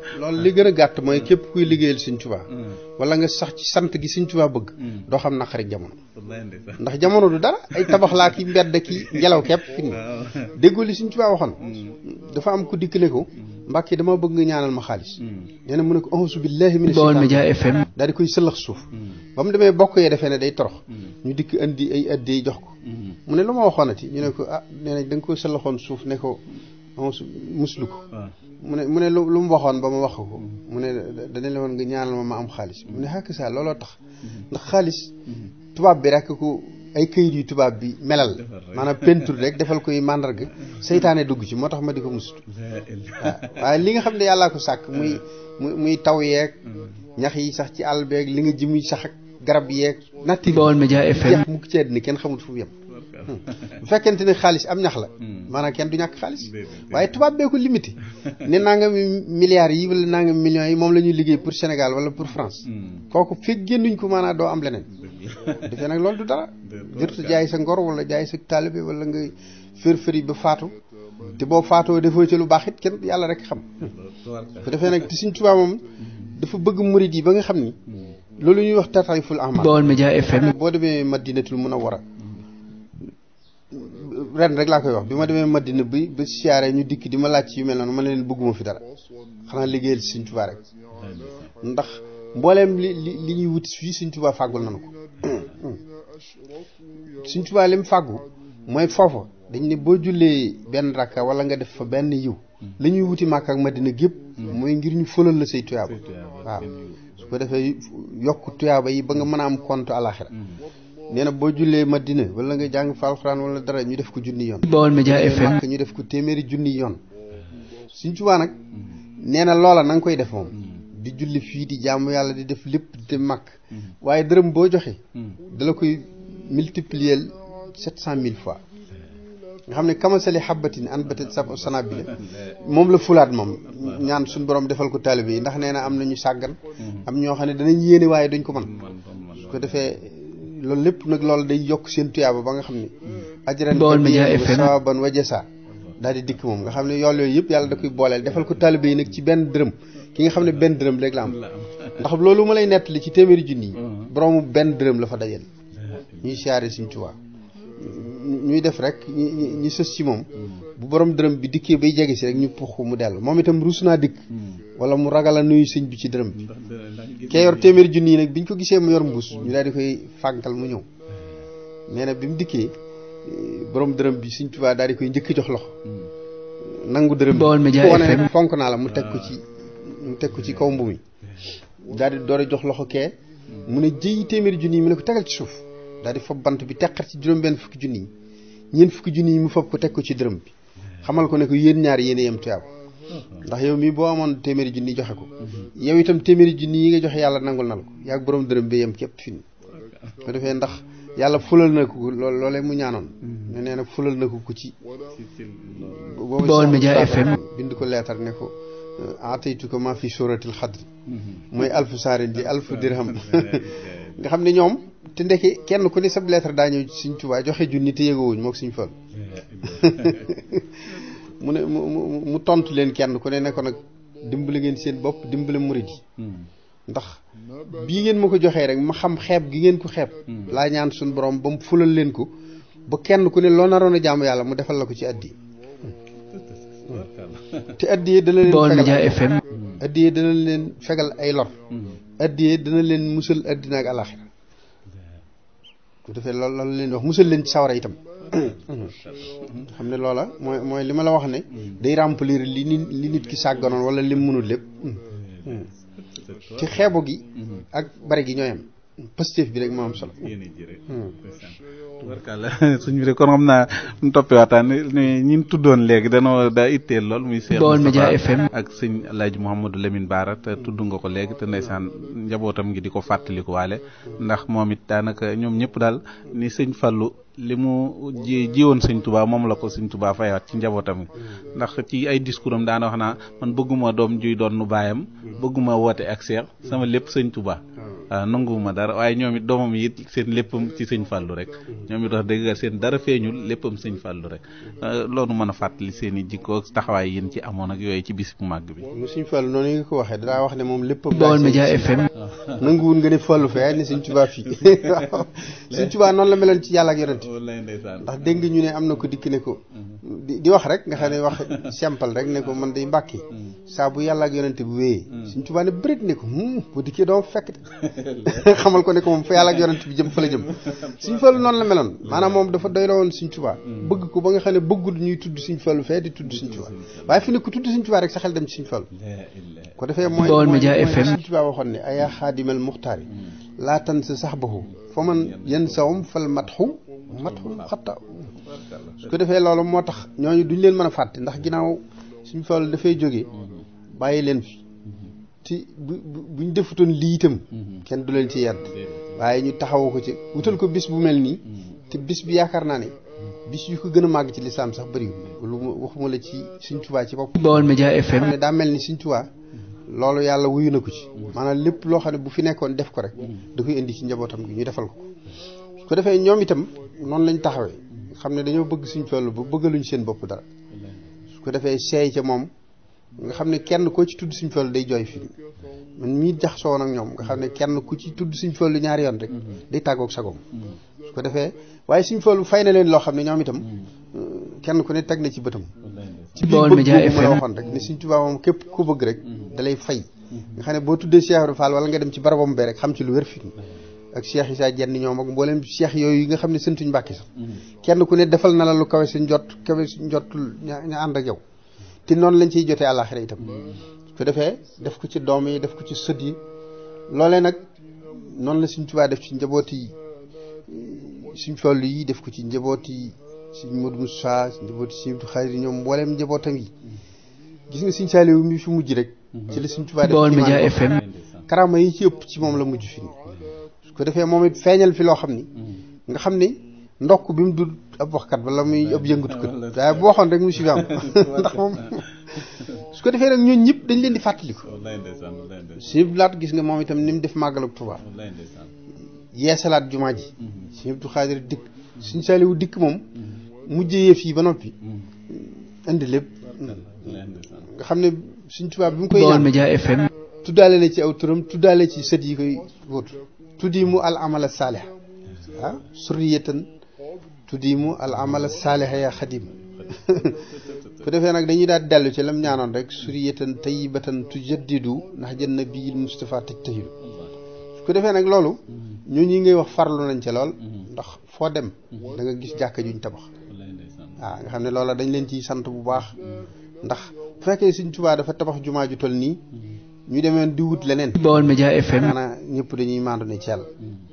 li gën a gàtt mooy képp kuy liggéeyal sëñ tubaa mm. wala nga sax sant gi sëñ tubaa bëgg. Mm. doo xam naqari jamono. ndax jamono du dara ay tabax laa ki mbedd ki ngelaw képp. [LAUGHS] waaw déggoo li sëñ tubaa waxoon. Mm. dafa am ku dikk ne ko. yi dama bëgg nga ñaanal ma xaalis hmm. nee na mu ne ko auzu billaahi mina Baol koy sëllax suuf hmm. ba mu demee bokk yee defee na day torox hmm. ñu dikk indi ay addi jox ko mu ne lu ma waxoonati ñu ne ko ah nee da nga ko sëllaxoon suuf ne ko auzu muslu ko ah. mu ne mu ne lu lu mu waxoon ba ma wax ko mu ne dana la woon nga ñaanal ma ma am xaalis mu ne xàkk saa looloo tax ndax xaalis tubaab bi rek ko ay këyit yu tubaab bi melal maanaam peinture rek defal koy màndarga [LAUGHS] [LAUGHS] seytaane dugg ci moo tax ma di ko musut waaye li nga xam ne yàllaa ko sàkk muy [LAUGHS] mm. muy muy taw yeeg mm. ñax yi sax ci àll beeg li nga ji muy sax ak garab yeeg natti Baolmedias FM mukk ci àddina kenn xamul fu mu yem Hmm. [LAUGHS] bu fekkente ne xaalis am ñax la hmm. maanaa kenn du ñàkk xaalis waaye tubaab bee ko limité [LAUGHS] ne nangami milliards yi wala nangami millions yi moom la ñuy liggéey pour Sénégal wala pour France hmm. kooku fekk génnuñ ko maanaam doo am leneen [LAUGHS] defee nag loolu du dara jërtu jaay sa ngor wala jaay sa taalibe wala nga fër-fëri ba faatu te boo faatoo defoo ci lu baax it kenn yàlla rek xam bu defee nag te suñ tubaabam dafa bëgg murid yi ba nga xam ni loolu ñuy wax tatay ful ahmad Baol Média FM boo demee Madinatul Munawwara ren rek laa koy wax bi ma demee maddina bi ba siyaare ñu dikk di ma laaj yu mel noonu ma ne leen bëgguma fi dara xanaa liggéeyal ci Sëñ Tuubaa rek ndax mbooleem li li li ñuy wuti fii Sëñ Tuubaa fàggul nanu ko [CLEARS THROAT] Sëñ Tuubaa lim fàggu mooy foofa dañ ne boo jullee benn rakka wala nga def fa benn yiw li ñuy wuti Màkka ak Madina gépp mooy ngir ñu fëlal la say tuyaaba waaw su ko defee yokk tuyaaba yi ba nga mën a am compte àlaxira mm-hmm. nee na boo jullee Madina wala nga jàng fa alxuraan wala dara ñu def ko junni yoon. Baol Média FM. ñu def ko téeméeri junni yoon. Sëñ Tuubaa nag nee na loola na nga koy def moom di julli fii di jàmm yàlla di def lépp di mag waaye dërëm boo joxe. dala koy multiplier sept cent mille fois. nga xam ne kamasali xabatin an batat sa sanaa moom la fulaat moom ñaan suñu borom defal ko taalibe yi ndax nee na am na ñu sàggan. am ñoo xam ne danañ yéene waaye dañ ko mën su ko defee loolu lépp nag loolu dañ yokk seen tuyaaba ba nga xam ne ajran sawaban wa jasa daal di dikk moom nga xam ne yool yooyu yëpp yàlla da koy booleel defal ko taalibe yi nag ci benn dërëm ki nga xam ne benn dërëm rek la am ndax loolu ma lay nettali ci téeméeri junni yi mm. boroomu benn dërëm la fa dajal ñuy siyaare Sëriñ Tuubaa ñuy def rek ñu sës ci moom mm. bu borom dërëm bi dikkee bay jege si rek ñu puux ko mu dellu moom itam ruus naa dikk mm. wala mu ragal a nuyu sëñ bi ci dërëm bi kee yor téeméeri junni yi nag biñ ko gisee mu yor mbuus ñu daal di koy fàggal mu ñëw hmm. nee na bi mu dikkee eh, borom dërëm bi suñ Tuubaa daal di koy njëkk jox loxo hmm. nangu dërëm bi wane fonk naa la mu teg ko ah. ci mu teg ko ci kaw mbu mi hmm. daal di door a jox loxo kee mu ne jëyi téeméeri junni yi mu ne ko tegal ci suuf daal di fab bant bi teqar ci juróom-benn fukki junni yi ñeent fukki junni yi mu fab ko teg ko ci dërëm bi xamal ko ne yéen ñaar yéen a ndax yow mii boo amoon téeméeri junni joxe ko yow itam téeméeri junni yi nga joxe yàlla nangul na la ko yaa borom dërëm bi yem képp fi defee ndax yàlla fulal na ko lool mu ñaanoon ñu nee nag fulal nak ko ci Baol bind ko leetar ne ko euh, ataytu ko ma fi suratil xadri mooy alfu saarin bi alfu dirham [LAUGHS] nga xam ne ñoom te ndeke kenn ku ne sab leetar daa ñëw Sëñ Tuubaa joxe junni te yëgowuñ mook Sëñ Fall [LAUGHS] eh, eh, eh. [LAUGHS] mu ne mu mu mu tontu leen kenn ku ne ne ko nag dimbali ngeen seen bopp dimbali murid yi hmm. ndax bii ngeen ma ko joxee rek ma xam xeeb gi ngeen ko xeeb hmm. laa ñaan suñu borom ba mu fulal leen ko ba kenn ku ne loo naroon a jàmm yàlla mu defal la ko ci addi hmm. te addi yi dana leen fegal addi yi dana leen fegal ay lor addi yi dana leen musal addina ak alaxira bu defee lool loolu leen wax musal leen ci sawara itam xam ne loola mooy mooy li ma la wax ne day remplir li nit li nit ki sàgganoon wala lim mënul lépp ci xeebo gi ak bari gi ñooyam positif bi rek moom am solo hmm. [LAUGHS] suñu bi kon xam naa ñu toppi waxtaan ni ñin tuddoon léegi danoo daa itteel lool muy Cheikh Baol Média FM ak sëñ Alaaji Mouhamadou Lamine Bara te tudd nga ko léegi te ndeysaan njabootam ngi di ko fàttaliku waale ndax moom it daanaka ñoom ñëpp daal ni sëñ Fallou li mu ji jiwoon sëñ tubaa moom la ko sëñ tubaa fayaat ci njabootam ndax ci ay discours am daana wax naa man bëgguma doom juy doon nu baayam bëgguma woote ak seex sama lépp sëñ tubaa waaw nanguwuma dara waaye ñoom it doomam yi seen léppam ci sëñ fàllu rek ñoom it wax dëgg seen dara feeñul léppam sëñ fàllu rek loolu mën a fàttali seen i jikko taxawaay yéen ci amoon ak yooyu ci bis bu màgg bi mu sëñ fàllu noonu nga ko waxee daa wax ne moom léppam Baol Média FM nanguwul nga ne fàllu fee ni sëñ tubaa la meloon ci yàlla ak yonent wallaay ndeysaan ndax dégg ñu ne am na ko dikk ne ko mhm. di wax rek nga xam ne wax [LAUGHS] simple rek ne ko man day mbàkki mhm. saa bu yàlla ak yonente bi wéyee mhm. suñ tubaa ne bërit ne ko hmm, bu dikkee doom fekk [LAUGHS] [LAUGHS] xamal ko ne ko moom fa yàlla ak bi jëm fa la jëm suñ fallu noonu la meloon maanaam moom dafa doy woon suñ tubaa bëgg ko ba nga xam ne bëggul ñuy tudd suñ fallu fee di tudd suñ tubaa waaye fi ne ku tudd suñ tubaa rek sa xel dem ci suñ fallu ko defee mooy suñ tubaa waxoon ne ayaa xaadimal muxtaari laa tan sa sax baxu fa man yan sawam fal matxu matul xatta su ko defee loolu moo tax ñooñu duñ leen mën a fàtte ndax ginnaaw suñu fàllu dafay jógee bàyyi leen fi ci bu buñ defutoon lii itam kenn du leen ci yedd waaye ñu taxaw ko ci wutal ko bis bu mel nii te bis bi yaakaar naa ne bis yu ko gën a màgg ci lislaam sax bëri lu waxuma la ci Sëñ Tuubaa ci bopp Baol Média FM daa mel ni Sëñ Tuubaa loolu yàlla wuyu na ko ci maanaam lépp loo xam ne bu fi nekkoon def ko rek da koy indi ci njabootam gi ñu defal ko noonu lañ taxawee xam ne dañoo bëgg suñ toll bu ñu seen bopp dara su ko defee seey ca moom nga xam ne kenn koo ci tudd suñ toll day jooy fii man mii jaxasoo nag ñoom nga xam ne kenn ku ci tudd suñ toll ñaari yoon rek day tàggoog sagoom ko defee waaye suñ toll fay na leen loo xam ne ñoom itam euh, kenn ku ne teg na ci bëtam ci biir bëgg ma waxoon rek suñ tubaab moom képp ku bëgg rek dalay fay nga xam ne boo tuddee Cheikh faal Fall wala nga dem ci mu bee rek xam ci lu wér fii ak cheikh isaa jenn ñoom ak mboolem cheikh yooyu yi nga xam ne sëntuñ mbàkki sax kenn ku ne defal na la lu kawe si njot kawe si njot ña ànd ak te noonu lañ ciy jotee àllaaxira itam su defee def ko ci doom yi def ko ci sët yi loolee nag noonu la suñ tubaa def ci njaboot yi suñ toll yi def ko ci njaboot yi suñ Modou Moussa suñ njaboot yi suñ yi ñoom mboolem njabootam yi gis nga suñ Saliou mi fi mujj rek ci la suñ tubaa def ci Baol karaama yi ci ëpp ci moom la mujj fi ko defee moom it feeñal fi loo xam ni mm. nga xam ne ndokk bi mu du ab waxkat la muy mm. ab yëngatukat [LAUGHS] waaye boo waxoon rek mu si [LAUGHS] ndax moom [LAUGHS] su ko defee nag ñooñ ñëpp dañ leen di fàttaliku suñu laat gis nga moom itam ni mu def màggalu Tuubaa yeesalaat jumaa ji mm-hmm. suñu Abdu dikk suñu Saaliwu dikk moom mm-hmm. mujjee fii ba noppi mm-hmm. indi lépp nga xam ne suñ tubaab bi mu koy ñaan Baolmedias FM tuddaale na ci aw turam tuddaale ci sët yi koy wóotu tudimu al a saalih ah surriyatan mu al amala saalih ya xadim bu [LAUGHS] defee nag dañuy daal dellu ci lam ñaanoon rek suriyatan tayyibatan tujaddidu ndax jën na bii Moustapha tëj tëjidu ku defee nag loolu ñu ñi ngay wax farlu nañ ci lool ndax foo dem da nga gis jàkka juñ tabax waaw ah, nga xam ne loola dañ leen ciy sant bu baax ndax bu fekkee Sëñ Tuubaa dafa tabax jumaa ju toll nii ñu demeen di wut leneen. Baolmedias FM. ñëpp dañuy maandu ne ci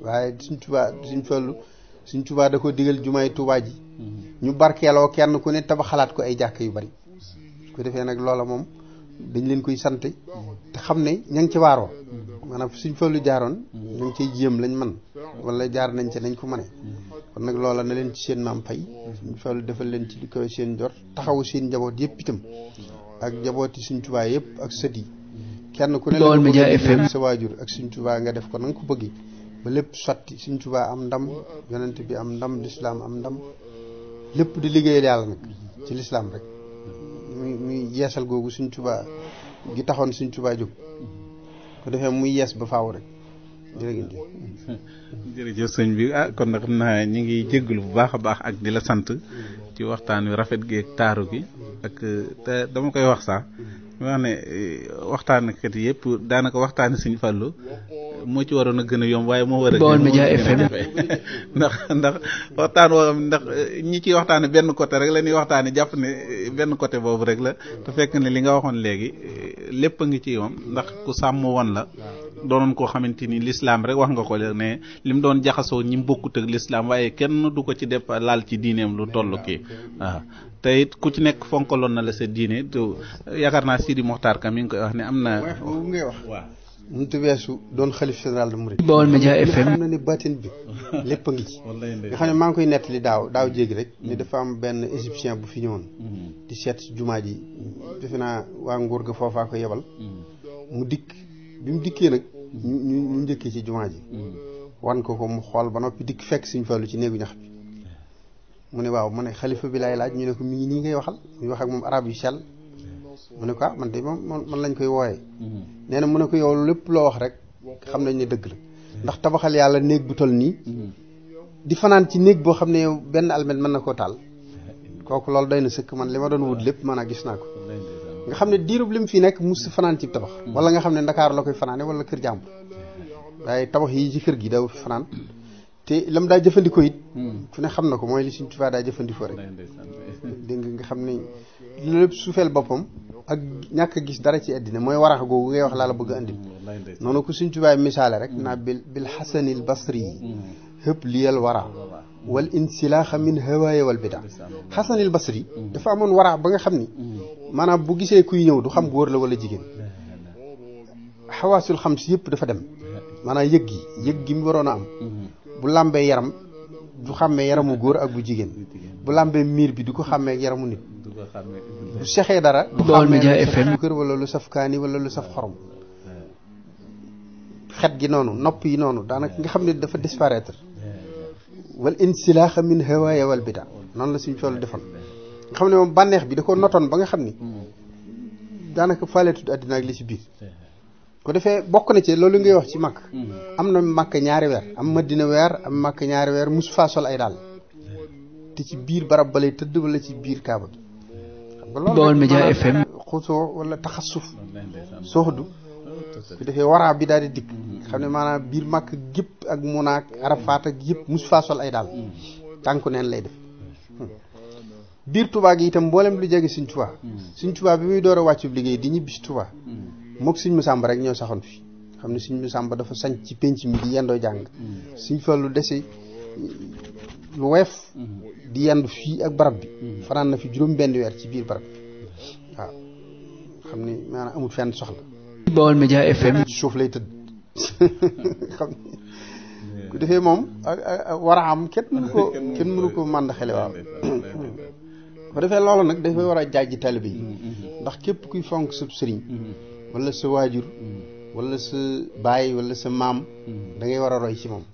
waaye suñ tubaa suñ fallu suñ tubaa da ko digal jumaay tubaa ji ñu barkeeloo kenn ku ne taba xalaat ko ay jàkk yu bari ko defee nag loola moom dañ leen koy sant te xam ne ña ngi ci waaroo maanaam suñ fallu jaaroon ña ci cay jéem lañ man wala jaar nañ ca nañ ko mëne kon nag loola na leen ci seen maam fay suñ fallu defal leen ci li kaw seen jot taxawu seen njaboot yëpp itam ak njabooti suñ tubaa yëpp ak sët yi kenn ku ne Baol Média FM sa waajur ak Sëñ Tuubaa nga def ko nanga nga ko bëggee ba lépp sotti Sëñ Tuubaa am ndam yonent bi am ndam lislaam am ndam lépp di liggéeyal daal nag ci lislaam rek muy muy yeesal googu Sëñ Tuubaa gi taxoon Sëñ Tuubaa jóg ko defee muy yees ba faaw rek jërëjëf jërëjëf sëñ bi ah kon nag xam naa ñu ngi jégalu bu baax a baax ak di la sant ci waxtaan wi rafet gi ak gi ak te dama koy wax sax wax ne eh, waxtaan waxtaankat yëpp daanaka waxtaani suñu fàllu moo ci waroon a gën a yomb waaye moo war a Baol Média FM [LAUGHS] ndax ndax waxtaan woo ndax eh, ñi ci waxtaane benn côté rek la ñuy waxtaane jàpp ne eh, benn côté boobu rek la te fekk ne li nga waxoon léegi lépp a ngi ci moom ndax ku sàmm woon la doonoon koo xamante ni lislaam rek wax nga ko ne li mu doon jaxasoo ñi mu bokkut ak lislaam waaye kenn du ko ci def laal ci diineem lu toll kii waaw te it ku ci nekk fonkaloon na la sa diine yaakaar naa Sidi Mokhtar Ka mi ngi koy wax ne am na. ngay wax waaw. mënut a weesu doon xalif général de Mouride. Baol Média FM xam na ne baatin bi lépp a ngi ci. nga xam ne maa ngi koy nettali daaw daaw jéegi rek. ni mm-hmm. dafa am benn égyptien bu fi ñëwoon. Mm-hmm. di seet si jumaa ji. defe naa waa nguur ga foofaa ko yebal. Mm-hmm. mu dikk bi mu dikkee nag. ñu ñu njëkkee ci jumaa ji. wan ko ko mu xool ba noppi dikk fekk suñu lu ci néegu ñax bi. mu ne waaw mu ne xalifa bi lay laaj ñu ne ko mi ngi nii ngay waxal muy wax ak moom arab yu sell mu ne ko ah, man de moom man lañ koy wooyee. Mm-hmm. nee na mu ne ko yow lépp loo wax rek xam nañ ne dëgg la ndax tabaxal yàlla néeg bu toll nii. Mm-hmm. di fanaan ci néeg boo xam ne yow benn almet man na ko taal kooku loolu doy na sëkk man li ma doon wut lépp man a gis naa ko. nga xam ne diirub li mu fi nekk mus fanaan ci tabax. Mm-hmm. wala nga xam ne Ndakaar la koy fanaane wala kër jàmbur waaye yi ci gi daw fi te lam daa jëfandikoo it. fu hmm. ne xam na ko mooy li suñ Tuubaa daa jëfandikoo rek. dégg nga xam ne loolu lépp suufeel boppam. ak ñàkk gis dara ci àddina mooy warax googu ngay wax laa la bëgg a andil. Hmm, noonu ko Sëriñ Tuubaa misaale rek. naa bil bil xasanil basri yi. Hmm. xëpp liyal wara. wal insilaaxa min hawaaya wal bida xasanil basri dafa amoon wara ba nga xam ni. maanaam bu gisee kuy ñëw du xam góor la wala jigéen. xawaasul xam si yëpp dafa dem. maanaam yëg gi yëg waroon a am. bu làmbee yaram du xàmmee yaramu góor ak bu jigéen bu làmbee miir bi du ko xàmmee yaramu nit bu sexee dara du xàmmee lu kër wala saf xorom xet gi noonu nopp yi noonu daanaka nga xam ne dafa disparaître wal insilaaxa min hawaaya wal bida noonu la suñu tool defoon nga xam ne moom bànneex bi da ko notoon ba nga xam ni daanaka faaleetud àddina ak li ci biir ko defee bokk na ci loolu ngay wax ci makk mm-hmm. am na makk ñaari weer am madina weer am makk ñaari weer mosu faa ay daal te ci biir barab balay tëdd wala ci biir kaaba bi Baol Média xusoo wala taxasuf sooxdu bu defee waraa bi daal di dikk mm-hmm. xam ne maanaam biir màkk gépp ak munaak arafaat ak yëpp mosu faa ay daal mm-hmm. tànku neen lay def biir Tuubaa gi itam mboolem lu jege suñ Tuubaa suñ tubaa bi muy door a wàccu liggéey di ñibbi si Tuubaa mook mu Masamba rek ñoo saxoon fi xam ne sëñ Masamba dafa sañ ci penc mi di yendoo jàng mm. sëñ Fallu dese lu woyof mm. di yendu fii ak barab bi mm. fanaan na fi juróom benn weer ci biir barab bi waaw xam ne maanaam amul fenn soxla Baol Média FM ci suuf lay tëdd [LAUGHS] xam ne ku defee moom war a am kenn mënu ko kenn mënu ko mànd xele waaw bu defee loolu nag dafay war a jaaj ji taalibe yi mm-hmm. ndax képp kuy fonk sab wala sa waajur walla sa baay wala sa maam mm-hmm. dangay war a roy ci moom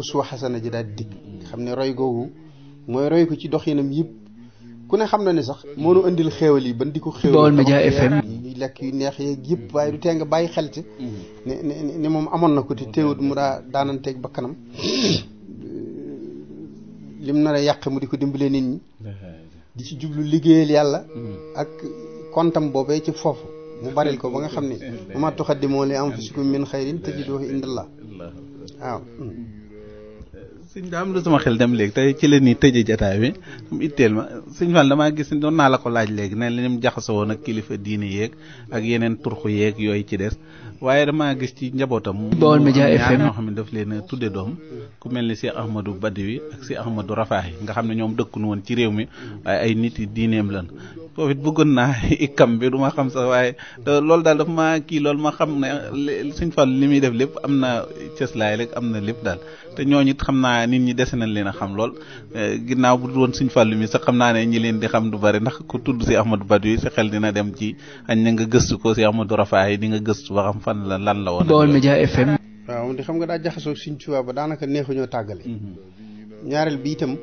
uswa xasana ji daal dikk mm-hmm. xam ne roy googu mooy roy ko ci dox yi nam yëpp ku ne xam na ne sax moo nu indil xéewal yi ban di ko xéewal Baolmedias FM yi lekk yu neex yeeg yëpp mm-hmm. waaye du tee nga bàyyi xel moom amoon na ko te teewut mu daa daananteeg bakkanam [COUGHS] lim nar a yàq mu di ko dimbalee nit ñi di ci jublu liggéeyal yàlla ak kontam boobee ci foofu mu baril ko ba nga xam ne [LAUGHS] ma tuqaddimu li anfusikum min xayrin tajiduhu [LAUGHS] indallah waaw sëñ daa am lu sama xel dem léegi te ci leen la ñuy tëjee jataay bi mu itteel ma sëñ Fall damaa gis ne doon naa la ko laaj léegi ne la ñu jaxasoo woon kilifa diine yéeg ak yeneen turxu yeeg yooyu ci des waaye damaa gis ci njabootam. Baol Média FM ñoo xam ne daf leen a tudde doom ku mel ni Cheikh Ahmadou Badawi ak Cheikh rafaax yi nga xam ne ñoom dëkkuñu woon ci réew mi waaye ay nit yi diineem lan foofu it bëggoon naa [LAUGHS] ikam bi du ma xam sax waaye euh, loolu daal dafa ma kii loolu ma xam ne suñ fa li muy def lépp am na cëslaay rek am na lépp daal. te ñoo ñit xam naa nit ñi dese nañ leen a xam lool eh, ginnaaw bu doon suñ fàllu mi sax xam naa ne ñi leen di xam du bari ndax ku tudd si du Badawi sa xel dina dem ci añ na nga gëstu ko si Ahmadou Rafaay di nga gëstu ba xam fan la lan la woon. Baol Média FM. xam nga daa jaxasoo suñ Tuubaa ba daanaka neexuñoo tàggale. Mm-hmm. ñaareel bi itam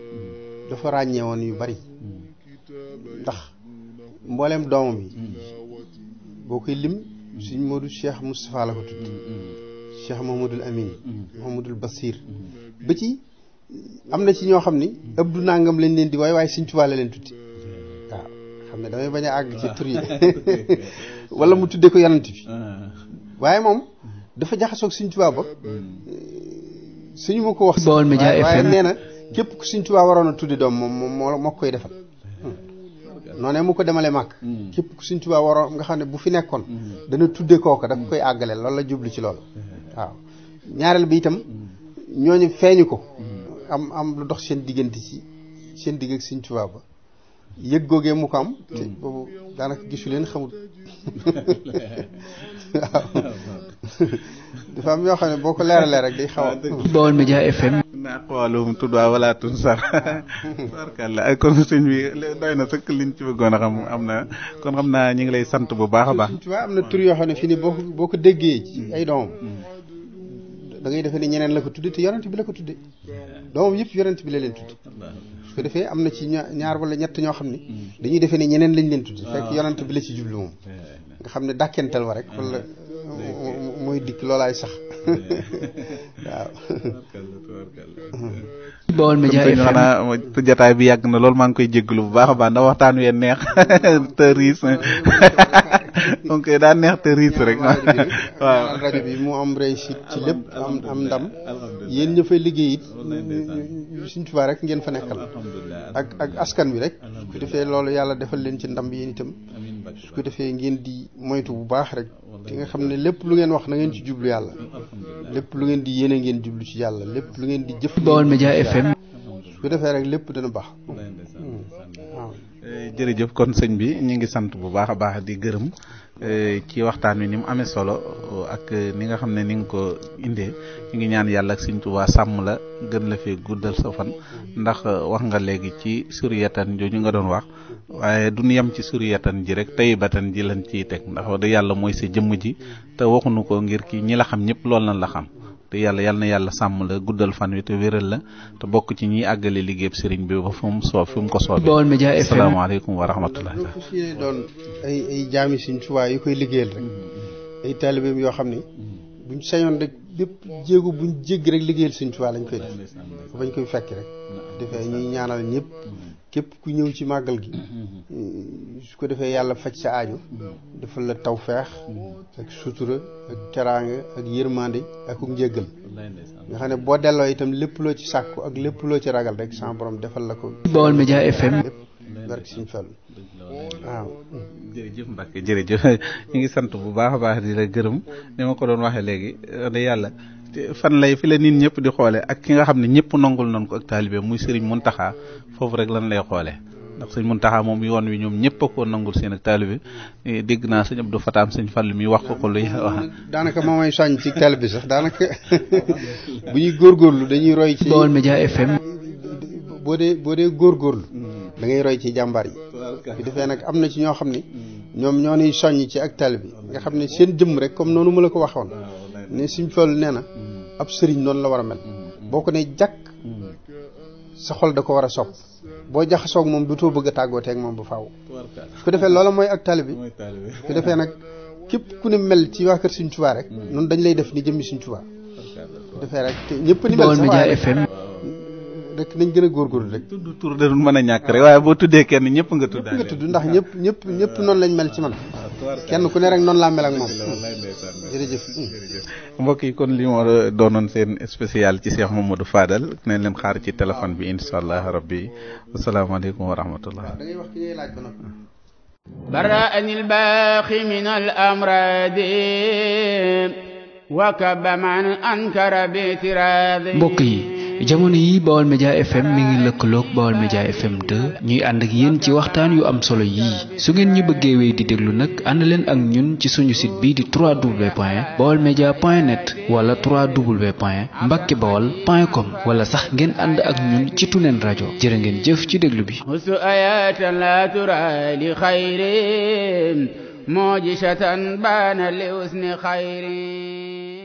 dafa ràññee woon yu bari mm-hmm. ndax mbooleem doomam yi mm-hmm. boo koy lim suñ Modou Cheikh Moustapha la ko tudd. Cheikh Mouhamadul Amin. Mouhamadul mm-hmm. mm-hmm. Bassir. Mm-hmm. ba ci am na ci ñoo xam ni. ëpp du nangam lañ leen di waaye waaye Sëñ Tuubaa la leen tuddee. waaw xam ne damay bañ a àgg ci tur yi ah. [LAUGHS] mu tuddee ko yanant bi. Ah. waaye moom dafa jaxasoo ak Sëñ Tuubaa ba. suñu ma ko wax. Baolmedias FM waaye nee na képp ku Sëñ Tuubaa waroon a tuddi doom moom moo moo koy defal. noonee mu ko demalee màkk mm. képp ku suñ Tuubaa waroon nga xam ne bu fi nekkoon mm. dana tudde kooka daf koy àggale loolu la jublu ci loolu mm. waaw ñaareel bi itam ñooñu feeñu ko am am lu dox seen diggante ci seen digg ak suñ Tuubaa ba yëg googee mu am daanaka gisu leen [LAUGHS] [LAUGHS] waaw [LAUGHS] dafa am yoo xam ne boo ko leeralee rek day xaw a. Baol Média FM. naa xoolum tuddaa wala tun sar la ay kon sëñ bi doy na sëkk liñ ci bëggoon a am na kon xam naa ñu ngi lay sant bu baax a baax. waaw am na tur yoo xam ne fii nii boo boo ko déggee ci ay da ngay defee ni ñeneen la ko tudde te yonent bi la ko tudde doomam yëpp yonent bi leen defee am na ci ñaar wala ñett ñoo xam ne dañuy defee ni ñeneen lañ leen tudd ah. fekk yonent bi la ci jublu moom eh. nga xam ne dàkkental wa rek wala ah. oh, mooy dikk loolaay sax [LAUGHS] waaw. [LAUGHS] Baol Média FM bi yàgg na lool maa ngi koy jégalu bu baax a baax ndax waxtaan wee neex [LAUGHS] te riis donc [LAUGHS] daa neex te rek. [LAUGHS] waaw rajo bi mu am réussite ci lépp am ndam. yéen ñu liggéey it suñ Tuubaa rek ngeen fa nekkal. ak ak askan wi rek. su defee loolu yàlla defal leen ci ndam yéen itam. su ko defee ngeen di moytu bu baax rek. te nga xam ne lépp lu ngeen wax na ngeen ci jublu yàlla. lépp lu ngeen di yéene ngeen jublu ci yàlla lépp lu ngeen di jëf. Baolmedias FM. su ko defee rek lépp dana baax. waaw. Eh, jërëjëf kon sëñ bi ñu ngi sant bu baax a baax di gërëm eh, ci waxtaan wi ni mu amee solo ak eh, ni nga xam ne ni nga ko indee ñu ngi ñaan yàlla ak sëñ Tuubaa sàmm la gën la fee guddal sa fan ndax wax nga léegi ci suriyatan ñu nga doon wax waaye duñu yem ci suriyatan ji rek tayibatan ji lañ ciy teg ndax wax dëgg yàlla mooy sa jëmm ji te waxuñu ko ngir kii ñi la xam ñëpp lool nañ la xam te yàlla yal na yàlla sàmm la guddal fan wi te wéral la te bokk ci ñuy àggale liggéeyub sëriñ bi ba fu mu soob fu mu ko soobee. Baol Média FM asalaamaaleykum wa rahmatulah. ñu doon ay ay jaami suñ Tuubaa yu koy liggéeyal rek. Mm-hmm. ay taalibeem yoo xam ne. buñ sañoon rek bépp jéego buñ jéggi rek liggéeyal suñ Tuubaa lañ koy def. bañ koy fekki rek. defee ñuy ñaanal ñëpp. Mm-hmm. képp ku ñëw ci màggal gi mm-hmm. eh, su ko defee yàlla faj sa aajo mm-hmm. defal la tawfeex mm-hmm. ak sutura ak teraanga ak yërmande ak njéggal nga xam ne boo delloo itam lépp loo ci sàkku ak lépp loo ci ragal rek sans borom defal la ko Baol Média FM barke Sëñ Fallu waaw jërëjëf [LAUGHS] ñu ngi sant bu baax a baax di la gërëm ni ma ko doon waxee léegi wax yàlla fan lay fi la niin ñëpp di xoole ak ki nga xam ne ñëpp nongul nañ ko ak taalibe muy sëriñ Muntaxa foofu rek lan lay xoole ndax mun taxa moom yoon wi ñoom ñëpp a ko nangul seen ak eh, dégg naa sëñ Abdou Fatam sëñ Fall mi wax ko ko luy daanaka moom mooy soññ ci taalibe sax daanaka [LAUGHS] bu ñuy góorgóorlu dañuy roy ci Baol Média FM boo dee boo dee góorgóorlu da ngay roy ci jàmbaar yi bi nag am na ci ñoo xam ne ñoom ñoo nuy soññ ci ak taalibe nga xam ne seen jëmm rek comme noonu ma la ko waxoon ne suñ Fall nee na ab sëriñ noonu la war a mel mm-hmm. boo ko ne jàkk mm-hmm. sa xol da ko war a sopp boo jaxasoog moom du too bëgg a tàggoo teeg moom bu faw su defee loola mooy ak bi su defee nag képp ku ne mel ci waa kër Sëriñ Tuubaa rek mm-hmm. noonu dañ lay def ni jëmmi Sëriñ Tuubaa su defee rek te ñëpp ni mel sax rek nañ gën a góorgóorlu rek tudd tur da doon mën a ñàkk rek waaye boo tuddee kenn ñëpp nga tudd nga tudd ndax ñëpp ñëpp ñëpp ah. noonu lañ mel ci man ah. kenn ku ne rek noonu laa mel moom jërëjëf yi kon li moo doonoon seen spécial ci Cheikh Mamadou Fadal nañ leen xaar ci téléphone bi incha allah rabbi asalaamaaleykum wa rahmatullah برأني الباقي من الأمراض وكب من أنكر باعتراضه jamono yi Baol Média FM mi ngi lëkkaloog Baol Média FM 2 ñuy ànd ak yéen ci waxtaan yu am solo yii su ngeen ñu bëggee wéy di déglu nag ànd leen ak ñun ci suñu site bii di 3w point baolmedia point net wala 3w point mbacke baol point com wala sax ngeen ànd ak ñun ci tuneen rajo jërë ngeen jëf ci déglu bi usu ayatan la tura li xayri mujisatan baana li usni xayri